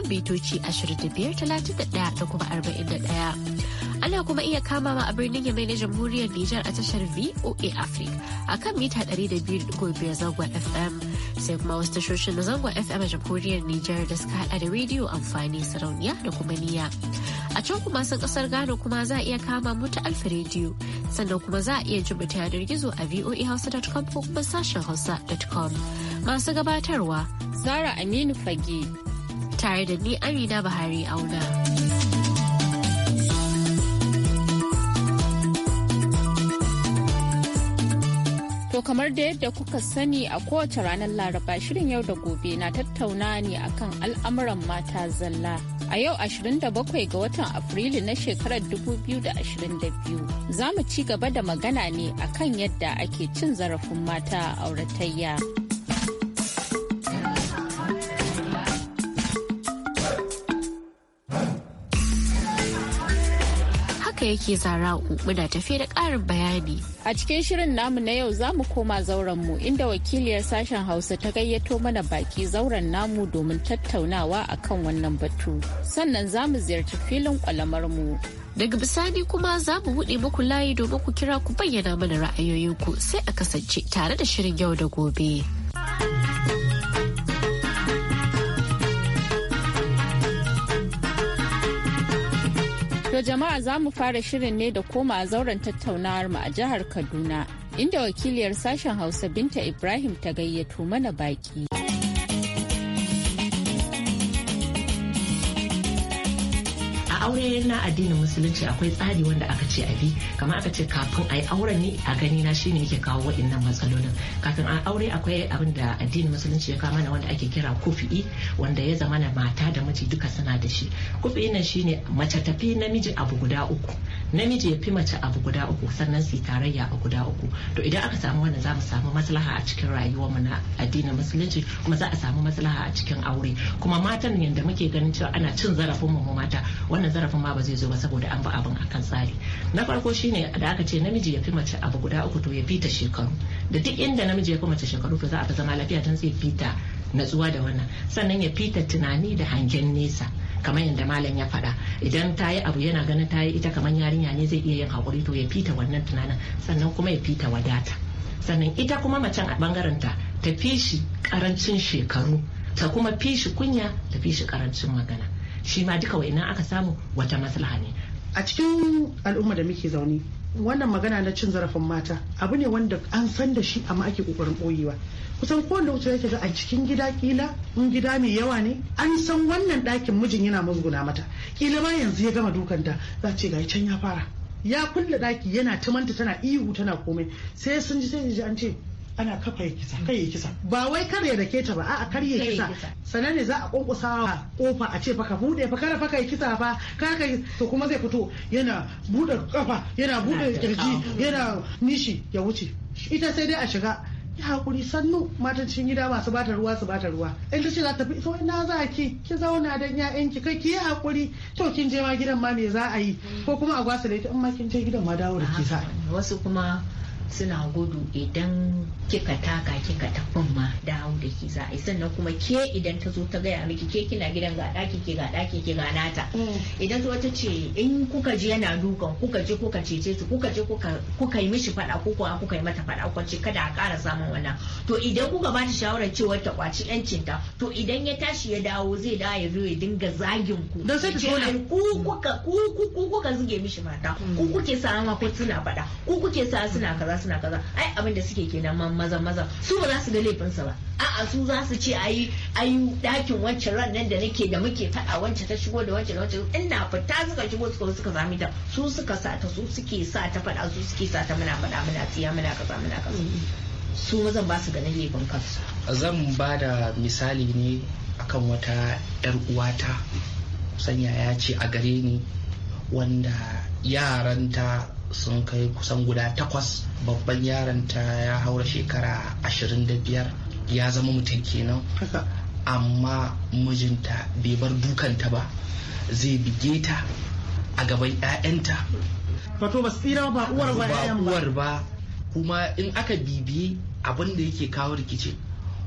kan bitoci 25,31 da kuma 41. Ana kuma iya kama a birnin Yamai na Jamhuriyar Nijar a tashar VOA Africa a kan mita 200.5 zangon FM. Sai kuma wasu tashoshin na zangon FM a Jamhuriyar Nijar da suka hada da rediyo amfani sarauniya da kuma niya. A can kuma sun kasar Ghana kuma za a iya kama mu ta Alfa rediyo sannan kuma za a iya jin ta yanar gizo a voahausa.com ko kuma sashen hausa.com. Masu gabatarwa Zara Aminu Fage tare da ni Amina Buhari Auna. To kamar da yadda kuka sani a kowace ranar Laraba shirin yau da gobe na tattauna ne akan al'amuran mata zalla. a yau 27 ga watan afrilu na shekarar 2022 za mu ci gaba da magana ne akan yadda ake cin zarafin mata a auratayya. yake zara uku da tafe da ƙarin bayani. A cikin shirin namu na yau za mu koma mu inda wakiliyar sashen Hausa ta gayyato mana baki zauren namu domin tattaunawa a kan wannan batu. Sannan za mu ziyarci filin kwalamar mu. Daga bisani kuma za mu buɗe muku layi domin ku kira ku bayyana mana ra'ayoyinku sai a kasance tare da shirin yau da gobe. To jama'a za mu fara shirin ne da koma zauren tattaunawar mu a jihar Kaduna inda wakiliyar sashen Hausa Binta Ibrahim ta gayyato mana baki. aure na addinin musulunci akwai tsari wanda aka ce a bi kamar aka ce kafin a yi auren ne a gani na shine yake kawo waɗannan matsalolin kafin a aure akwai abin da addinin musulunci ya kama wanda ake kira kufi'i wanda ya zama na mata da miji duka suna da shi kufi'i nan shine mace tafi namiji abu guda uku namiji ya fi mace abu guda uku sannan su tarayya a guda uku to idan aka samu wannan za mu samu maslaha a cikin rayuwar mu na addinin musulunci kuma za a samu maslaha a cikin aure kuma matan yadda muke ganin cewa ana cin zarafin mu mata wannan zarafin ma ba zai zo ba saboda an bi abin akan tsari na farko shine da aka ce namiji ya fi mace abu guda uku to ya fita shekaru da duk inda namiji ya fi mace shekaru to za a fi zama lafiya don zai fita natsuwa da wannan sannan ya fita tunani da hangen nesa kamar yadda malam ya faɗa idan ta yi abu yana ganin ta yi ita kamar yarinya ne zai iya yin haƙuri to ya fita wannan tunanin sannan kuma ya fita wadata sannan ita kuma macen a bangaren ta ta fi shi ƙarancin shekaru ta kuma fi shi kunya ta fi shi ƙarancin magana shi ma duka wa'ina aka samu wata maslaha ne a cikin al'umma da muke zaune wannan magana na cin zarafin mata abu ne wanda an san da shi amma ake kokarin boyewa kusan kowane lokaci yake ga a cikin gida kila in gida mai yawa ne an san wannan ɗakin mijin yana musguna mata kila ma yanzu ya gama dukanta za ce ga can ya fara ya kulle ɗaki yana tumanta tana ihu tana komai sai sun ji sai an ce ana kafa ya kisa kai ya kisa ba wai kar ya dake ta ba a'a kar ya kisa sanan ne za a kokusa kofa a ce baka bude fa kada faka ya kisa ba ka kai to kuma zai fito yana bude kafa yana bude kirji yana nishi ya wuce ita sai dai a shiga ya hakuri sannu matan cikin gida masu bata ruwa su bata ruwa in ta ce za ta fi so ina za ki ki zauna dan yayan ki kai ki yi hakuri to kin je ma gidan ma me za a yi mm. ko kuma a gwasa da ita in ma kin je gidan ma dawo da wasu kuma suna gudu idan kika taka kika tafin ma dawo da ki za sannan kuma ke idan ta zo ta gaya miki ke kina gidan ga daki ke ga daki ke ga nata mm. idan zo ta ce in kuka je yana dukan kuka je kuka cece su kuka je kuka yi mishi fada ko kuka kuka yi mata fada ko ce kada a kara samun wannan to idan kuka ba ta shawarar cewa ta kwaci yancin ta to idan ya tashi ya dawo zai dawo ya zo ya dinga zagin ku don sai ku mm. kuka ku kuka zuge mishi mata ku mm. kuke sa ma ko suna fada ku kuke sa suna kaza suna kaza ai abin da suke kenan man maza maza su ba za su ga laifinsa ba a'a su za su ce ayi ayi dakin wancan ran nan da nake da muke faɗa wancan ta shigo da wancan wancan ina fita suka shigo suka suka sami ta su suka sa ta su suke sa ta faɗa su suke sa ta muna fada muna tsiya muna kaza muna kaza mm-hmm. su mazan ba su ganin laifin kansu zan ba da misali ne akan wata yar uwata sanya ya ce a gare ni wanda yaranta sun kai kusan guda takwas babban yaron ta ya haura shekara 25 ya zama mutum kenan amma mijinta bai bar dukanta ba zai bige ta a gaban 'ya'yanta ba uwar kuma in aka bibiye abin da yake kawo rikici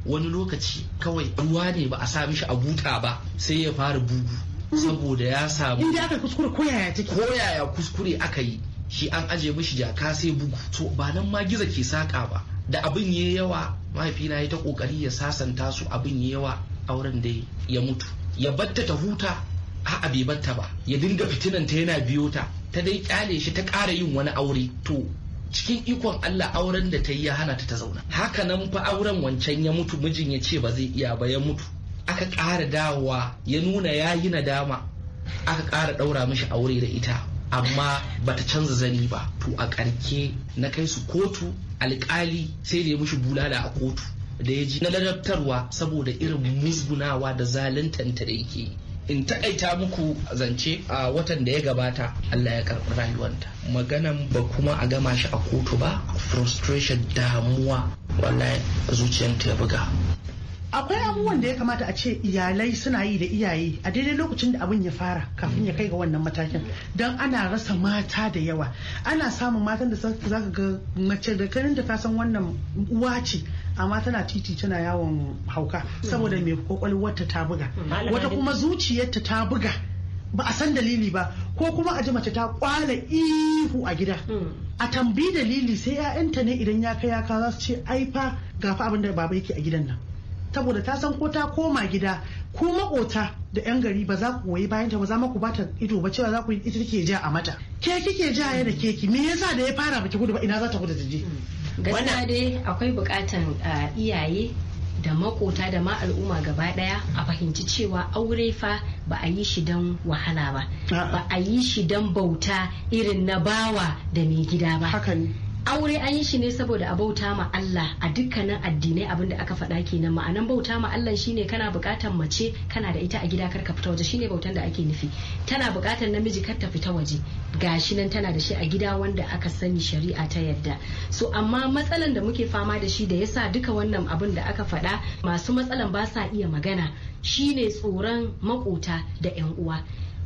wani lokaci kawai ruwa ne ba a sa mishi a buta ba sai ya fara bugu saboda ya samu inda aka kuskure koyaya take koyaya kuskure aka yi shi an aje mishi jaka sai bugu to ba nan ma giza ke saka ba da abin ya yawa mahaifina ya ta kokari ya sasanta su abin ya yawa auren da ya mutu ya batta ta huta a bai batta ba ya dinga fitinan ta yana biyo ta ta dai kyale shi ta kara yin wani aure to cikin ikon Allah auren da ta yi ya hana ta ta zauna Haka nan fa auren wancan ya mutu mijin ya ce ba zai iya ba ya mutu aka ƙara dawowa ya nuna ya yi nadama aka ƙara ɗaura mishi aure da ita amma bata canza zani ba to a karke na kai su kotu alƙali sai da ya mushi bulala a kotu da ya ji na ladabtarwa saboda irin musgunawa da zaluntanta da yake in takaita muku zance a watan da ya gabata Allah ya karɓi rayuwanta maganan ba kuma a gama shi a kotu ba frustration damuwa wallahi zuciyanta ya buga akwai abubuwan da ya kamata a ce iyalai suna yi da iyaye a daidai lokacin da abin ya fara kafin ya kai ga wannan matakin don ana rasa mata da yawa ana samun matan da za ka ga mace da kanin da kasan wannan uwa ce amma tana titi tana yawon hauka saboda mai kwakwalwarta ta buga wata kuma zuciyarta ta buga ba a san dalili ba ko kuma a ji mace ta kwala ihu a gida hmm. a tambi dalili sai 'ya'yanta ne idan ya kai ya kawo za su ce aifa gafa abin da baba yake a gidan nan saboda ta san ko ta koma gida ko makota da yan gari ba za ku goyi bayan ta ba za ku bata ido ba cewa za ku ita take ja a mata ke kike ja ya da keki me yasa da ya fara baki gudu ba ina za ta gudu ta je gaskiya dai akwai bukatan ah, iyaye da makota da ma al'umma gaba daya a fahimci cewa aure fa ba a yi shi don wahala ba ba a yi shi don bauta irin na bawa da mai gida ba aure an yi shi ne saboda a bauta ma Allah a dukkanin addinai abin da aka faɗa kenan ma'anan bauta ma Allah shine kana buƙatar mace kana da ita a gida kar ka fita waje shine bautan da ake nufi tana buƙatar namiji kar ta fita waje gashi nan tana da shi a gida wanda aka sani shari'a ta yadda so amma matsalan da muke fama da shi da yasa duka wannan abin da aka faɗa masu matsalan ba sa iya magana shine tsoron makota da 'yan uwa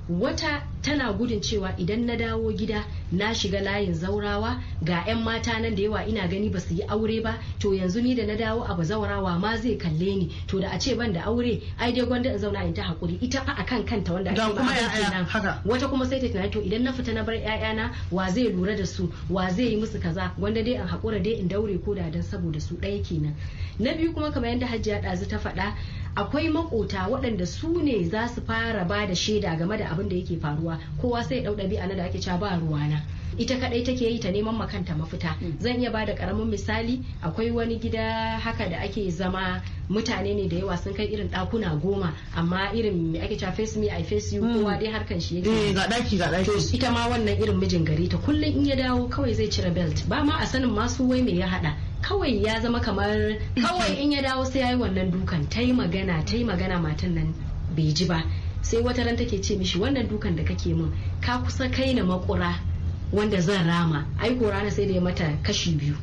wata tana gudun cewa idan na dawo gida na shiga layin zaurawa ga 'yan mata nan da yawa ina gani ba su yi aure ba to yanzu ni da na dawo a bazaurawa ma zai kalle ni to da a ce ban da aure ai dai gwanda in zauna in ta hakuri ita fa akan kanta wanda ake ba nan. wata kuma sai ta tunani to idan na fita na bar 'ya'yana wa zai lura da su wa zai yi musu kaza gwanda dai in hakura dai in daure ko da dan saboda su ɗaya kenan na biyu kuma kamar yadda Hajiya ɗazu ta faɗa akwai makota waɗanda su ne za su fara ba da shaida game da abin da yake faruwa kowa sai ɗau a na da ake ca ba ruwana ita kadai take yi ta neman makanta mafita hmm. zan iya ba da karamin misali akwai wani gida haka da ake zama mutane ne da yawa sun kai irin ɗakuna goma amma irin me ake ca face me i face you kowa hmm. dai harkan shi yake eh, ga daki ga ita ma wannan irin mijin gari ta kullun in ya dawo kawai zai cire belt ba ma a sanin masu wai me ya haɗa. kawai ya zama kamar kawai in ya dawo sai ya yi wannan dukan ta yi magana ta yi magana matan nan bai ji ba sai wata ran take ce mishi wannan dukan da kake min ka kusa kai na makura wanda zan rama ai ko rana sai da ya mata kashi biyu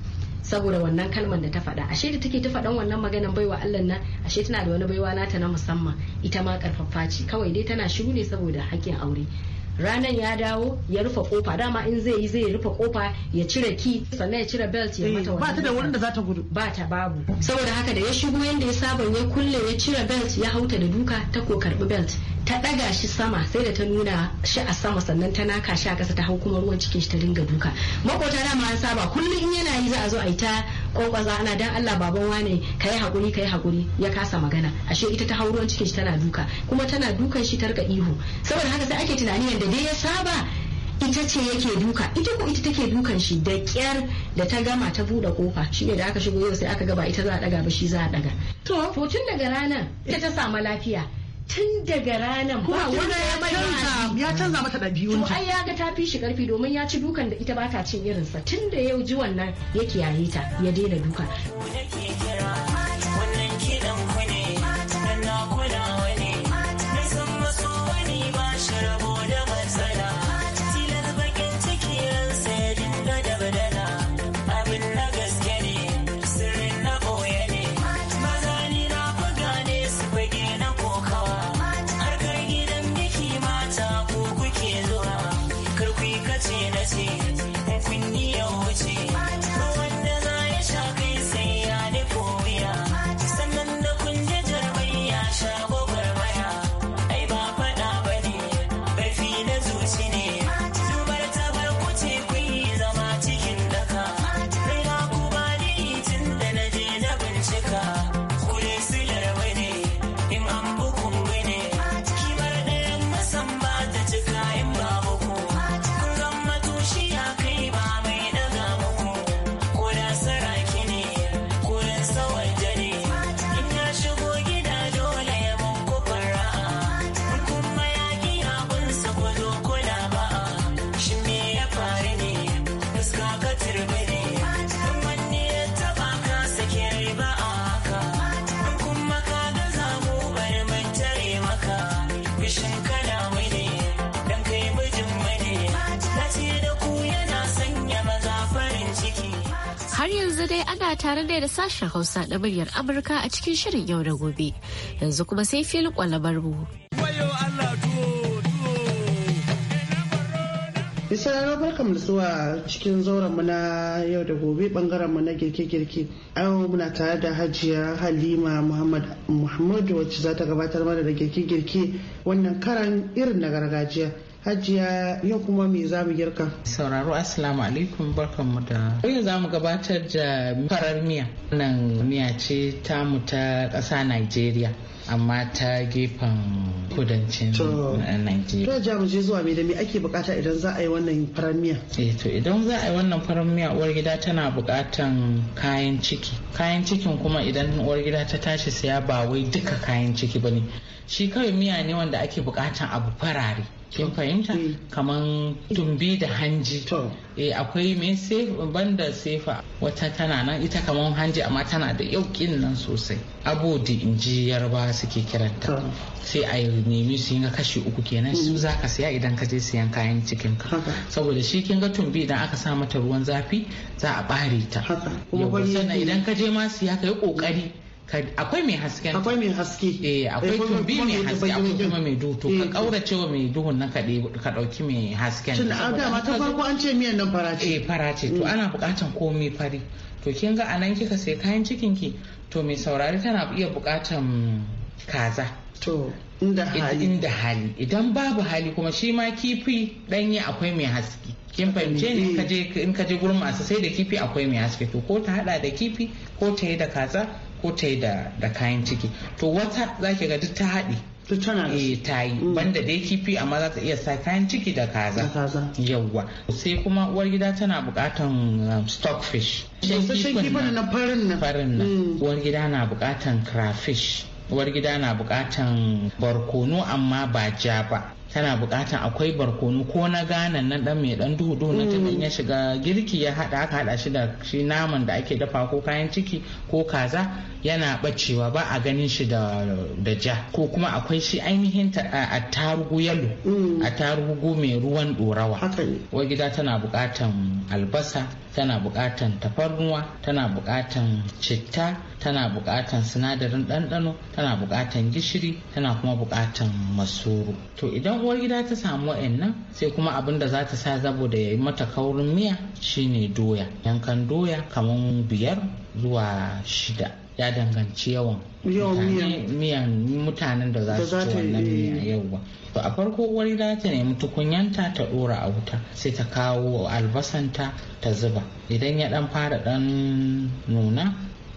saboda wannan kalmar da ta faɗa ashe da take ta faɗan wannan maganan baiwa Allah nan ashe tana da wani baiwa nata na musamman ita ma karfafa ce kawai dai tana shiru ne saboda haƙƙin aure ranan ya dawo ya rufe kofa dama in zai yi zai rufe kofa ya cire ki sannan ya cire belt ya mata eh, ba ta da wurin da za ta gudu ba ta babu saboda haka da ya shigo yanda ya saba ya kulle ya cire belt ya hauta da duka ta ko karbi belt ta daga shi sama sai da ta nuna shi a sama sannan ta naka shi a kasa ta hau kuma ruwan cikin shi ta dinga duka makota dama an saba kullum in yana yi za a zo a yi ta kwankwaza ana dan Allah baban wane ka yi hakuri ka yi hakuri ya kasa magana ashe ita ta hauruwan cikin shi tana duka kuma tana dukan shi tarka ihu saboda haka sai ake tunani yadda dai ya saba ita ce yake duka ita ko ita take dukan shi da kyar da ta gama ta bude kofa shi ne da aka shigo yau sai aka gaba ita za a daga ba shi za a daga to tun daga ranar ita ta samu lafiya tun daga ranar ba wani ya canza ya canza mata da to ai ya ga ta fi shi karfi domin ya ci dukan da ita ba ta cin irinsa tun da yau ji wannan ya kiyaye ta ya daina duka. see. yanzu dai ana tare ne da sashen Hausa na muryar Amurka a cikin shirin yau da gobe. Yanzu kuma sai filin kwalabar mu. na barkam da zuwa cikin zauren mu na yau da gobe bangaren mu na girke-girke. Yau muna tare da Hajiya Halima Muhammad Muhammadu wacce za ta gabatar mana da girke-girke wannan karan irin na gargajiya. Hajiya yau kuma me za mu girka? Sauraro Assalamu alaikum barkanmu da. Yau za mu gabatar da farar miya. Wannan miya ce mu ta ƙasa Najeriya. amma ta gefen kudancin Najeriya. To ja je zuwa mai da me ake bukata idan za a yi wannan farar miya? Eh to idan za a yi wannan farar miya uwar gida tana bukatan kayan ciki kayan cikin kuma idan uwar gida ta tashi saya ba wai duka kayan ciki ba ne shi kawai miya ne wanda ake bukatan abu farare kin fahimta eh. kaman tumbi da hanji eh akwai mai sefa banda sefa wata tana nan ita kaman hanji amma tana da yaukin nan sosai abu da inji yarba suke kiranta sai a nemi su ga kashi uku kenan su mm. za ka siya idan ka je siyan kayan cikin ka saboda shi kin ga tumbi idan aka sa mata ruwan zafi za a bare ta kuma idan ka je ma siya ka yi kokari akwai mai haske akwai mai haske eh akwai tumbi mai haske akwai kuma mai duhu to ka kaura eh. cewa mai duhun na ka dauki mai hasken tun ah, da ma ta farko an ce miyan nan farace eh farace to mm. ana bukatan komai fari to kin ga anan kika sai kayan cikin ki to mai saurari tana iya bukatan kaza to inda hali inda hali idan babu hali kuma shi ma kifi danye akwai mai haske kin fahimce ni in ka je gurin masu sai da kifi akwai mai haske to ko ta hada da kifi ko ta yi da kaza ko ta yi da kayan ciki to wata za ki ga duk ta haɗe to tana eh ta yi mm. banda dai kifi amma za ta iya sa kayan ciki da kaza yawwa sai kuma uwar gida tana bukatan um, stockfish shi na farin nan farin nan mm. uwar gida na bukatan crayfish uwar gida na bukatan barkono amma ba ja ba tana bukatan akwai barkono ko na gane nan dan mai dan duhu duhu na takan ya shiga girki ya hada aka hada shi da shi naman da ake dafa ko kayan ciki ko kaza yana bacewa ba a ganin shi da da ja ko kuma akwai shi ainihin ta a tarugu yalo mm. A tarugu mai ruwan dorawa wa gida tana bukatan albasa tana buƙatan tafarnuwa tana buƙatan citta tana buƙatan sinadarin ɗanɗano tana buƙatan gishiri tana kuma buƙatan masoro to idan uwar gida ta samu wa'annan sai kuma abin da za ta sa da ya yi mata kaurin miya shine doya yankan doya kamar biyar zuwa shida ya danganci yawan miyan mutanen da za su ci wannan miya eh. yau ba to a farko wani za ta nemi tukunyanta ta dora a wuta sai ta kawo albasanta ta zuba idan ya dan fara dan nuna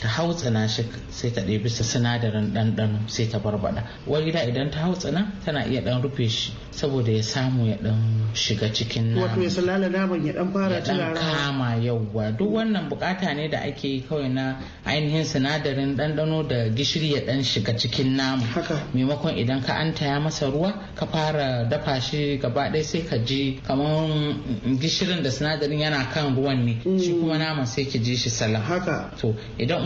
ta hautsana shi sai ta ɗebi sa sinadarin ɗanɗano sai ta barbaɗa wani da idan ta hautsana tana iya ɗan rufe shi saboda ya samu ya ɗan shiga cikin nama wato ya salala naman ya ɗan fara ya kama yauwa duk wannan bukata ne da ake yi kawai na ainihin sinadarin ɗanɗano da gishiri ya ɗan shiga cikin nama haka, maimakon idan ka ya masa ruwa ka fara dafa shi gaba ɗaya sai ka ji kamar gishirin da sinadarin yana kan ruwan ne shi mm. kuma nama sai ki ji shi salam haka to idan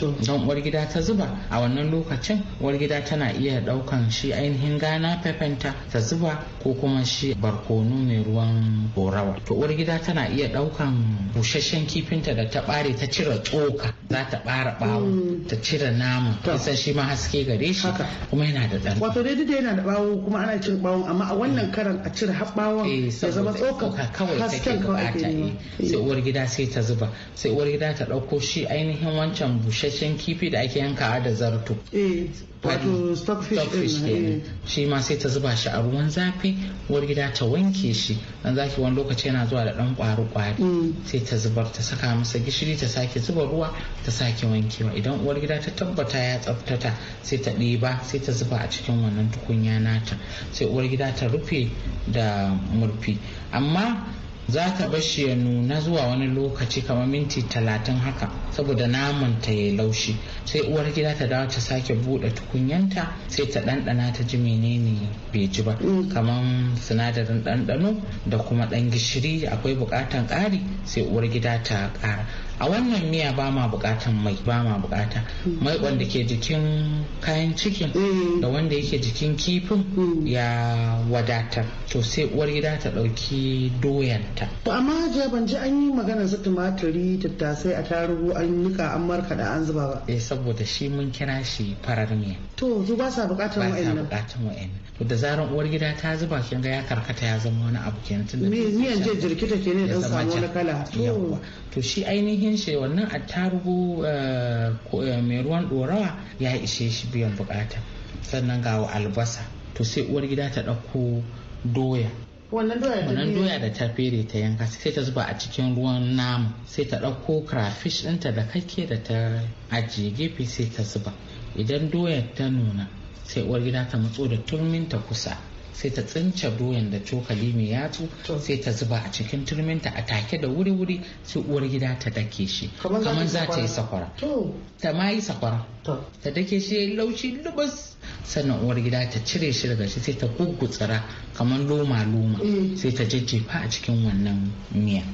don uwar gida ta zuba a wannan lokacin uwar gida tana iya daukan shi ainihin gana pepenta ta zuba ko kuma shi barkono mai ruwan gorawa to uwar gida tana iya daukan busasshen kifinta da ta bare ta cire tsoka za ta bara bawo mm. ta cire nama kusan shi ma haske gare shi kuma yana da dan wato dai da yana da bawo kuma ana cin bawon amma a wannan mm. karan a cire har bawon eh, ya zama tsoka kawai take bukata eh. sai uwar gida sai ta zuba sai uwar gida ta dauko shi ainihin wancan bushe busasshen kifi da ake yankawa da zarto eh, wato stockfish ɗin. Eh. shi ma sai ta zuba shi a ruwan zafi wani gida ta wanke shi dan zaki wani lokaci yana zuwa da ɗan kwaru kwari mm. sai ta zubar ta saka masa gishiri ta sake zuba ruwa ta sake wankewa idan uwar gida ta tabbata ya tsaftata sai ta ɗiba sai ta zuba a cikin wannan tukunya nata sai uwar gida ta rufe da murfi amma za ta shi ya nuna zuwa wani lokaci kamar minti talatin haka saboda naman ta ya laushi sai uwar gida ta dawo ta sake bude tukunyanta sai ta ɗanɗana ta ji menene bai ji ba mm. kamar sinadarin ɗanɗano da kuma ɗan gishiri akwai buƙatan ƙari sai uwar gida ta ƙara a wannan miya ba ma bukatan mai ba ma bukata mm. mai wanda ke jikin kayan cikin mm. da wanda yake jikin kifin mm. ya wadatar to sai uwar gida ta dauki doyanta to amma hajiya ban ji an yi magana su tumaturi tattasai a tarugu an nika an markada an zuba ba eh saboda shi mun kira shi farar miya to yanzu ba sa bukatan wa'annan ba sa bukatan wa'annan to da zaran uwar gida ta zuba kin ga ya karkata ya zama wani abu kenan tunda me miyan je jirkita ne dan samu wani kala to to shi ainihin shi wannan attarugu eh, eh, mai ruwan dorawa ya ishe shi biyan bukata sannan ga albasa to sai uwar gida ta dauko doya wannan doya da ta fere ta yanka sai ta zuba a cikin ruwan namu sai ta dauko crayfish ɗinta da kake da ta ajiye gefe sai ta zuba idan doyar ta nuna sai uwar gida ta matso da turmin ta kusa sai ta tsince doyan da cokali mai yatsu sai ta zuba a cikin turminta a take da wuri-wuri sai uwar gida ta dake shi kamar za ta yi sakwara ta ma yi sakwara ta dake shi ya laushi lubus sannan uwar gida ta cire shi daga shi sai ta gugutsara kamar loma-loma mm. sai ta jajjefa a cikin wannan miya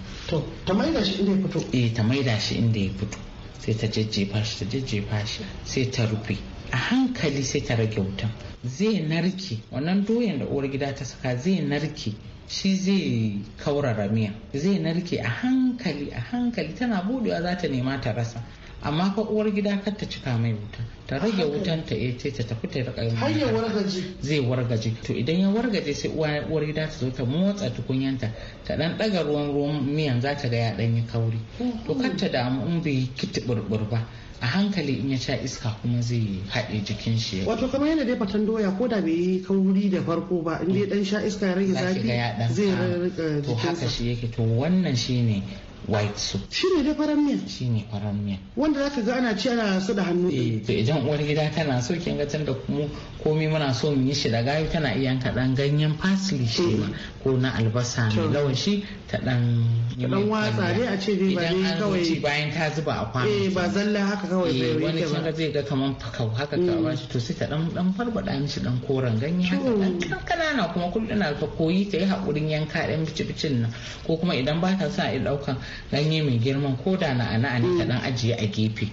ta maida shi inda ya fito eh ta maida shi inda ya fito sai ta jajjefa shi ta jajjefa shi sai ta rufe a hankali sai ta rage wutan zai narke wannan doyan da uwar gida ta saka zai narke shi zai kaurara miya zai narke a hankali a hankali tana budewa za ta nema ta rasa amma fa uwar gida kar ta cika mai wuta ta rage wutan ta ce eh, ta tafi ta rika har ya wargaje zai wargaje to idan ya wargaje sai uwar gida ta zo ta motsa tukunyanta ta dan daga ruwan ruwan miyan za ta ga ya dan yi kauri to kar ta damu in bai kiti burbur ba a hankali in ya sha iska kuma zai haɗe jikin shi wato kamar yadda dai fatan doya ko da bai yi kauri da farko ba in dai dan sha iska ya rage zafi zai rika to haka shi yake to wannan shine white soup ne da faran miya ne faran miya wanda ka ga ana ci ana su da hannu eh to idan uwar gida tana so kin ga da kuma komai muna so mu yi shi da gayu tana iya yanka dan ganyen parsley shi ma ko na albasa mai lawashi ta dan dan watsa dai a ce dai ba dai kawai bayan ta zuba a kwano eh ba zalla haka kawai eh, bai yi wani kin ga zai ga kaman fakau haka ka mm. ba shi to sai ta dan dan farbada mishi dan koren ganye haka dan kanana kuma kullu na ka koyi ta yi hakurin yanka dan bici bicin nan ko kuma idan ba ta sa a daukan ganye mai girman ko da na ana ne ka dan ajiye a gefe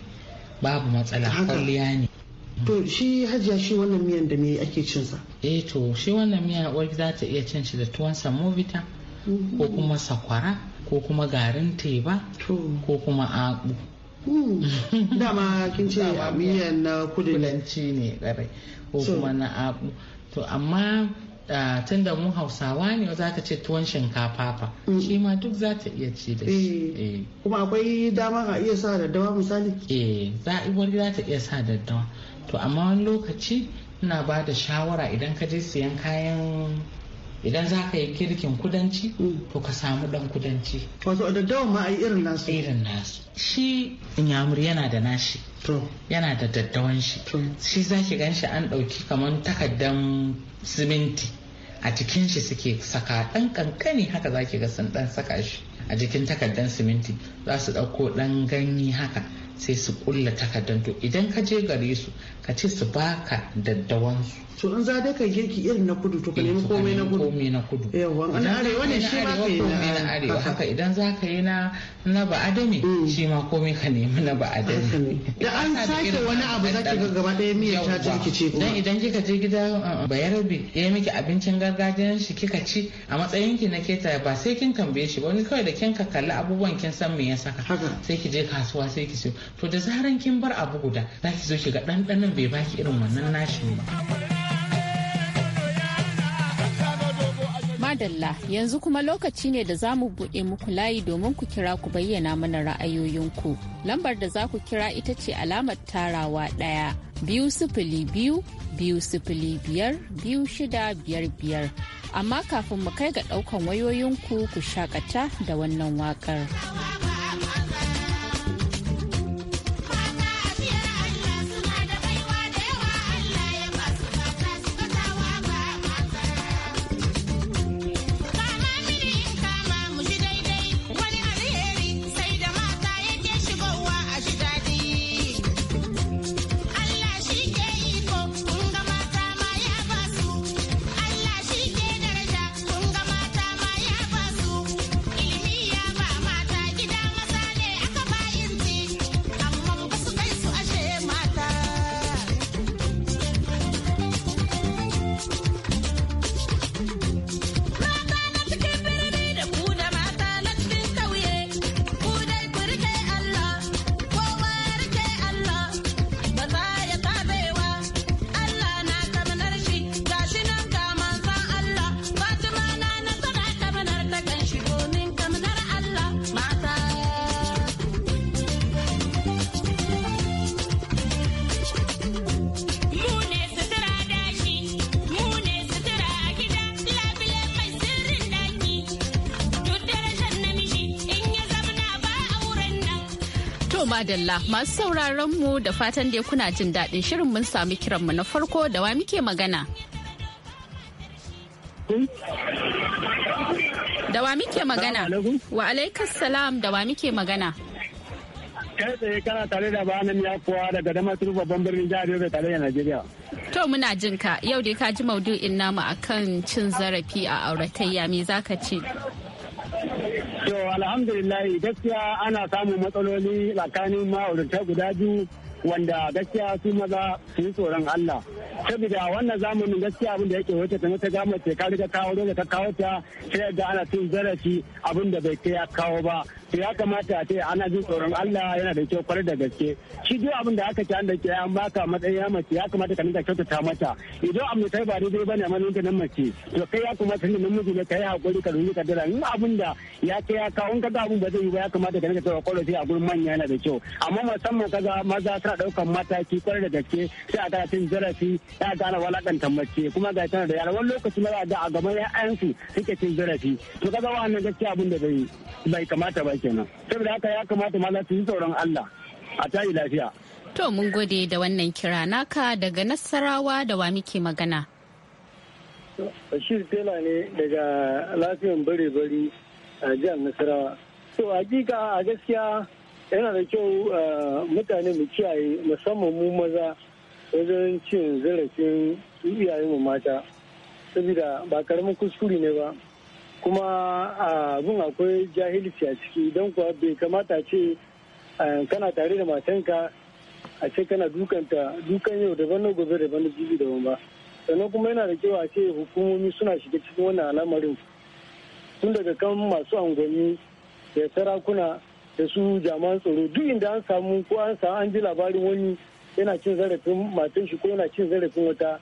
babu matsala kwalliya ne to shi hajiya shi wannan miyan da me ake cin sa eh to shi wannan miya uwar za ta iya cin shi da tuwon samovita ko mm-hmm. kuma sakwara ko kuma garin teba ko kuma agu mm. dama kin ce miyan na kudanci ne ko kuma na agu to amma Ah, tun da mu hausawa ne za ka ce tuwon shinkafa fa mm. shi ma duk za ta iya ci da shi eh. Eh. kuma akwai dama a iya sa daddawa misali eh za za ta iya sa daddawa to amma wani lokaci ina ba da shawara idan ka je siyan kayan idan za ka yi kirkin kudanci mm. to ka samu dan kudanci wato daddawa ma a yi irin nasu irin nasu shi inyamur yana da nashi yana da daddawan shi shi za ki gan shi an ɗauki kamar takaddan siminti a cikin shi suke saka ɗan kankani haka za ki ga sun ɗan saka shi a jikin takaddan siminti za su ɗauko ɗan ganye haka sai su kulla takardar to idan ka je gare su ka ce su baka daddawan su to in za da ka girki irin na kudu to ka nemi komai na kudu komai na kudu yawa an arewa ne shi ma ka yi na arewa haka idan za ka yi na na ba adami mm. shi ma komai ka nemi na ba adami da an sake wani abu za ki ga gaba daya miyar ta jirkice kuma dan idan kika je gida uh, Ba ya yi miki abincin gargajiyan shi kika ci a matsayin ki na keta ba sai kin tambaye shi ba wani kawai da kin ka kalli abubuwan kin san me ya saka sai ki je kasuwa sai ki siyo to da zaran kin bar abu guda za ki zo ki ga ɗanɗanon bai baki irin wannan nashin ba. Madalla yanzu kuma lokaci ne da za mu buɗe muku layi domin ku kira ku bayyana mana ra'ayoyinku. Lambar da za ku kira ita ce alamar tarawa ɗaya biyu sifili biyu biyu sifili biyar biyu shida biyar biyar. Amma kafin mu kai ga ɗaukan wayoyinku ku shakata da wannan waƙar. madalla masu sauraron mu da fatan dai kuna jin daɗin shirin mun sami kiranmu na farko da wa muke magana. Da wa muke magana? Wa alaikas salam da wa muke magana? Kai tsaye kana tare da bayanin ya kuwa daga damar babban birnin jihar Yobe tare da Najeriya. To muna jin ka yau dai ka ji maudu'in namu akan cin zarafi a auratayya me zaka ce? To alhamdulillah gaskiya ana samun matsaloli tsakanin ma'aurata guda biyu wanda gaskiya su maza su yi tsoron Allah saboda wannan zamanin gaskiya abin da yake wata ta mata gama ce ka kawo da ka kawo ta sai yadda ana cin zarafi abin da bai kai ya kawo ba to ya kamata a ce ana jin tsoron Allah yana da kyau kwarar da gaske shi duk abin da aka ci an da ke an baka matsayin mace ya kamata ka kyauta kyautata mata idan abin da kai ba daidai ne a manin nan mace to kai ya kamata ne namiji ne yi hakuri ka rubuta dira. in abin da ya kai ya kawo in ka ga abin ba zai yi ba ya kamata ka ninka kyauta kwarar a gurin manya yana da kyau amma musamman kaga maza tana daukan mataki kwarai da gaske sai a gana cin zarafi ya gane walakanta mace kuma ga tana da yara wani lokaci ma da a gaban ƴaƴansu suke cin zarafi to kaga wannan gaskiya abin da bai kamata ba kenan saboda haka ya kamata maza su yi tsoron Allah a tayi lafiya to mun gode da wannan kira naka daga Nasarawa da wa muke magana Bashir Tela ne daga lafiyan bare bare a jihar Nasarawa. To, hakika a gaskiya yana da kyau eh, mutane mu kiyaye musamman mu maza wajen cin zarafin iyayen mu mata saboda ba karamin kuskure ne ba kuma eh, abin akwai jahilci a ciki don kuwa bai kamata ce eh, kana tare da matanka a ce kana dukanta dukan yau daban na gobe daban na jibi daban ba sannan kuma yana da kyau a ce hukumomi suna shiga cikin wannan al'amarin tun daga kan masu angwani da sarakuna da su jama'an tsaro duk inda an samu ko an samu an ji labarin wani yana cin zarafin matan shi ko yana cin zarafin wata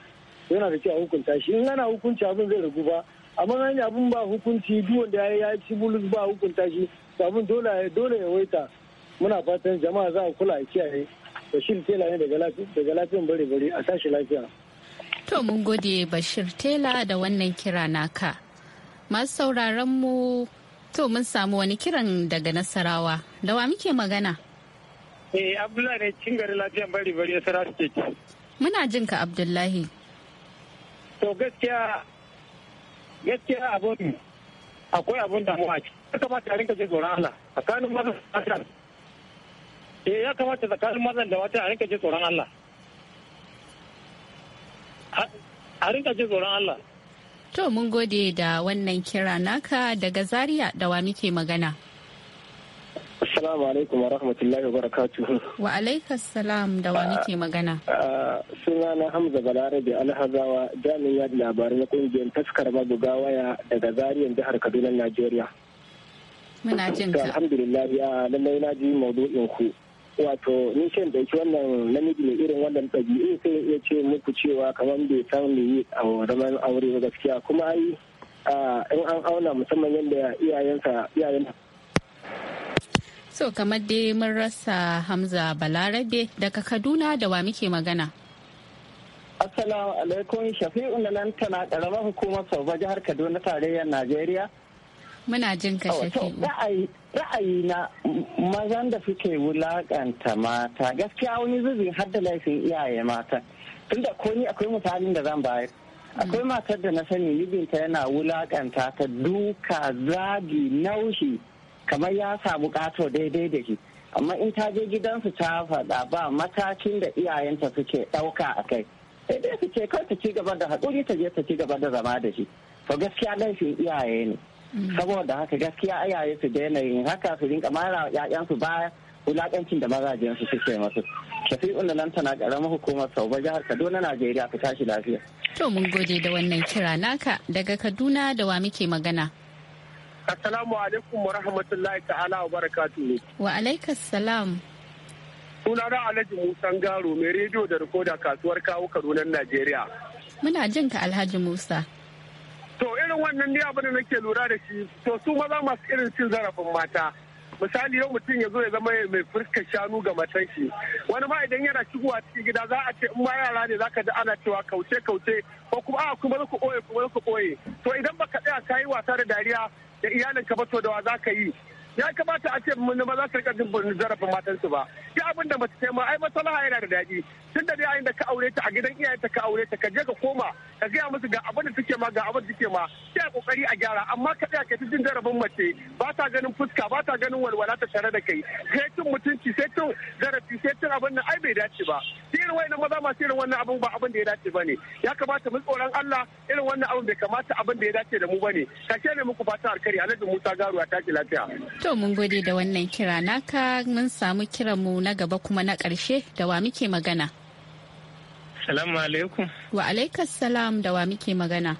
yana da cewa a hukunta shi in ana hukunci abin zai ragu ba amma an abin ba hukunci duk wanda ya ci bulus ba hukunta shi abin dole dole ya waita muna fatan jama'a za a kula a kiyaye bashir tela ne daga lafiyan bare bare a tashi lafiya to mun gode bashir tela da wannan kira naka masu sauraron mu To mun samu wani kiran daga Nasarawa. Da wa muke magana? Eh Abdullahi ne cin gari lafiyan bari bari suke State. Muna jin ka Abdullahi. To gaskiya gaskiya abun akwai abun mu ce. Ya kamata a rinka jin tsoron Allah tsakanin mazan da matan. Eh ya kamata tsakanin mazan da wata a rinka jin tsoron Allah. A rinka jin tsoron Allah. To mun gode da wannan kira naka daga Zaria da wa muke magana. Assalamu alaikum wa rahmatullahi wa barakatuhu. Wa alaikas salam da wa muke magana. Ah, ah, Suna na Hamza Balarabe Alhazawa jami'in yadda labarai na kungiyar taskar maguga waya daga Zariyar jihar Kaduna Najeriya. Muna jin ka. Alhamdulillah ya ah, lallai na ji maudu'in ku. wato ni shan ke wannan namiji ne irin wannan ɗabi'u sai iya ce muku cewa kamar bai san me yi a zaman aure ba gaskiya kuma ai in an auna musamman yadda iyayensa iyayen so kamar dai mun rasa hamza balarabe daga kaduna da wa muke magana assalamu alaikum shafi'u na nan tana karamar hukumar sauba jihar kaduna tarayyar najeriya muna jin ka oh, shafi'u ra'ayina mazan da suke wulakanta mata gaskiya wani zubin har da laifin iyaye mata tunda ko ni akwai misalin da zan bayar akwai mm. matar da na sani mijinta yana wulakanta ta duka zagi naushi kamar ya samu kato daidai da shi amma in ta je gidansu ta faɗa ba matakin da iyayenta suke ɗauka a kai sai dai su ce ta ci gaba da haƙuri ta je ta ci gaba da zama da shi to gaskiya laifin iyaye ne saboda haka gaskiya ayaye su da yanayin haka su rinka mara yayansu ba wulakancin da mazajen suke masu shafi'un nan tana karamar hukumar sauba jihar kaduna najeriya ta tashi lafiya to mun gode da wannan kira naka daga kaduna da wa muke magana assalamu alaikum wa rahmatullahi ta'ala wa ne wa alaikas salam na alhaji Musa garo mai rediyo da rikoda kasuwar kawo Kaduna najeriya muna jin ka alhaji musa to irin wannan ne abin da nake lura da shi to su maza masu irin cin zarafin mata misali yau mutum ya zo ya zama mai fuskar shanu ga matan shi wani ma idan yana shigowa cikin gida za a ce in ma yara ne zaka ji ana cewa kauce kauce ko kuma a ah, kuma ku boye kuma ku boye to idan baka tsaya kayi wasa da dariya da iyalinka ba to da wa zaka yi ya kamata a ce mun ba za su rika jin burin zarafin matansu ba duk abin da mace ta ma ai masalaha yana da daɗi tun da dai da ka aure ta a gidan iyayen ta ka aure ta ka je ka koma ka gaya musu ga abin da suke ma ga abin da suke ma sai a kokari a gyara amma ka tsaya kai ci zarafin mace ba ta ganin fuska ba ta ganin walwala ta tare da kai sai cin mutunci sai cin zarafi sai cin abin nan ai bai dace ba irin wannan maza masu irin wannan abin ba abin da ya dace ba ne ya kamata mu tsoron Allah irin wannan abin bai kamata abin da ya dace da mu ba ne kashe ne muku fata alkari alhaji Musa Garuwa ta lafiya To mun gode da wannan kira naka mun samu kiranmu na gaba kuma na ƙarshe da wa muke magana. Salamu alaikum. Wa alaikas salam da wa muke magana.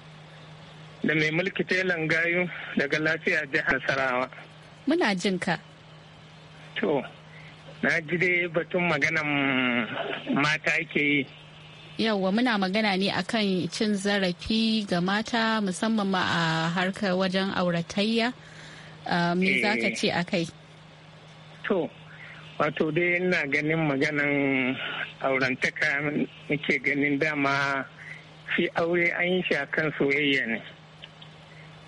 Da mai mulki telan gayu daga lafiya jihar Sarawa. Muna jin ka. To, na ji dai batun maganan mata ke yi. Yawwa muna magana ne akan cin zarafi ga mata musamman ma a harkar wajen auratayya. Um, me eh. za ka ce a kai to wato dai ina ganin maganan aurantaka nake ganin dama fi aure an yi kan soyayya ne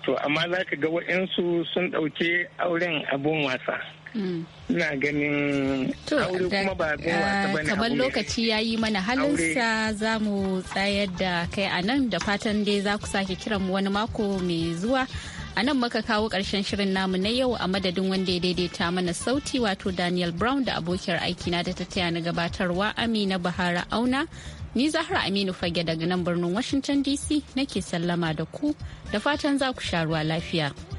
to amma za ka ga waɗansu sun ɗauke auren abun wasa mm. ina ganin aure kuma ba abun wasa ah, ba ne kamar lokaci ya yi mana halinsa za mu tsayar da kai a nan da fatan dai za ku sake kiran mu wani mako mai zuwa a nan maka kawo ƙarshen shirin namu na yau a madadin wanda ya daidaita mana sauti wato daniel brown da abokiyar aikina da ta taya na gabatarwa amina bahara auna ni zahra aminu fage daga nan birnin washington dc nake sallama da ku da fatan za ku sha ruwa lafiya.